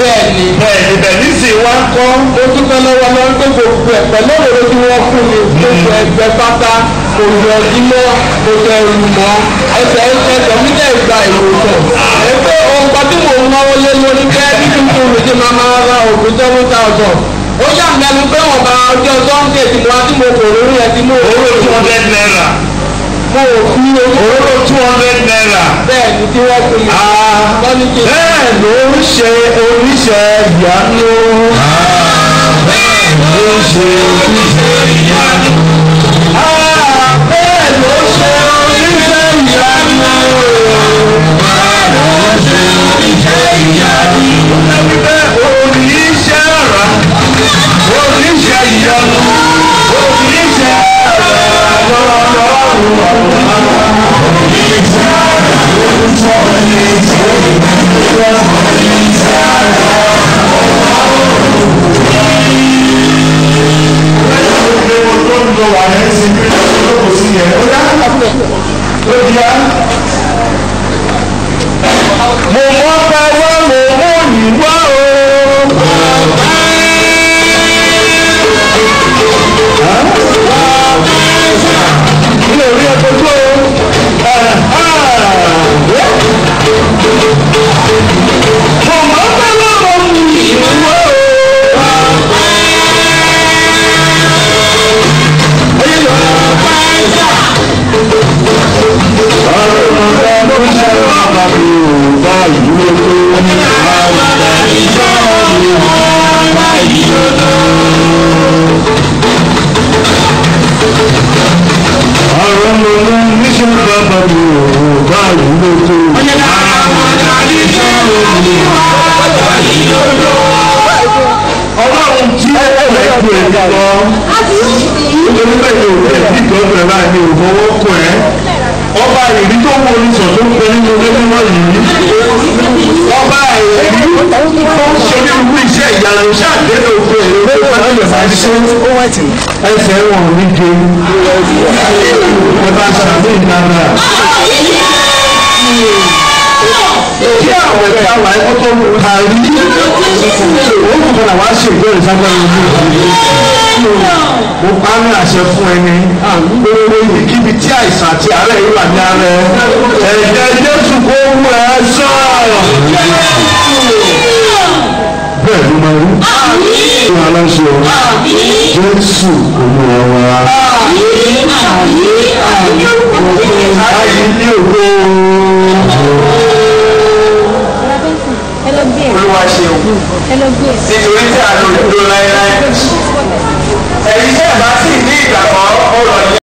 bẹ́ẹ̀ni bẹ́ẹ̀ni bẹ́ẹ̀ni sì wá kọ́. ó dúpẹ́ lọ́wọ́ lọ́wọ́ pé gbogbo ẹ̀pẹ́ lọ́wọ́ tí wọ́n fún mi gbogbo hmm. ẹgbẹ́ pátá kò yọ ìmọ̀ kò yọ ìmọ̀ ẹsẹ̀ ẹsẹ̀ tẹ̀mí náà gba ìwòsàn. ẹgbẹ́ ọgbà tí mo náwó lé lórí jẹ́ nínú tó lè ṣe máa máa ra òògùn seven thousand. ó yàgbẹ́nu pé wọ́n bá ọjọ́ sunday tí mo wá mo kò lórí ẹ ti mú owó tí wọ́n fẹ́ náírà. mo ò fi owó two hundred naira. bẹ́ẹ̀ni tí wọ́n fún mi. Ah bẹ́ẹ̀ ló ń ṣe oníṣẹ́ ìyanu. kemudian mumu olúwa wà láyọ̀ olúwa láyọ̀ náà. ọ̀rọ̀ ló ló ń níṣẹ́ bàbá mi ò bá ìlú tó. olúwa wà láyọ̀ olúwa láyọ̀ náà ọlọ́run tí ó rẹ̀ kú ẹ̀ lọ nítorí bẹ́ẹ̀ ni òkè ìdíje ọ̀bẹ̀rẹ̀ báyìí ni òfowó kù ẹ́ ọba ìrí tó wọ orísàn tó ń pẹ́ nínú ilé mímọ́ yìí onírúurú ẹsẹ̀ wọn ní gbé ẹ bá ṣàbí Kí àwọn ẹ̀ka wà ẹ̀kọ́ tó ń parí ó kò padà wá ṣe ìbéèrè sábẹ́ ìlú mo pa ní àṣẹ fún ẹni gbogbo ibikíbi tí àìsàn àti àárẹ̀ yìí wà ní ara ẹ̀jẹ̀ Jésù kó wù ẹ́ sọ̀rọ̀ ọmọ yìí fún aláṣẹ jésù olúwa wa ayé ní olúwa ṣeun nítorí tí a lò dúró láéláé ẹ̀yin tí ẹ̀ bá sì ní ìgbàgbọ́ ó lọ ní.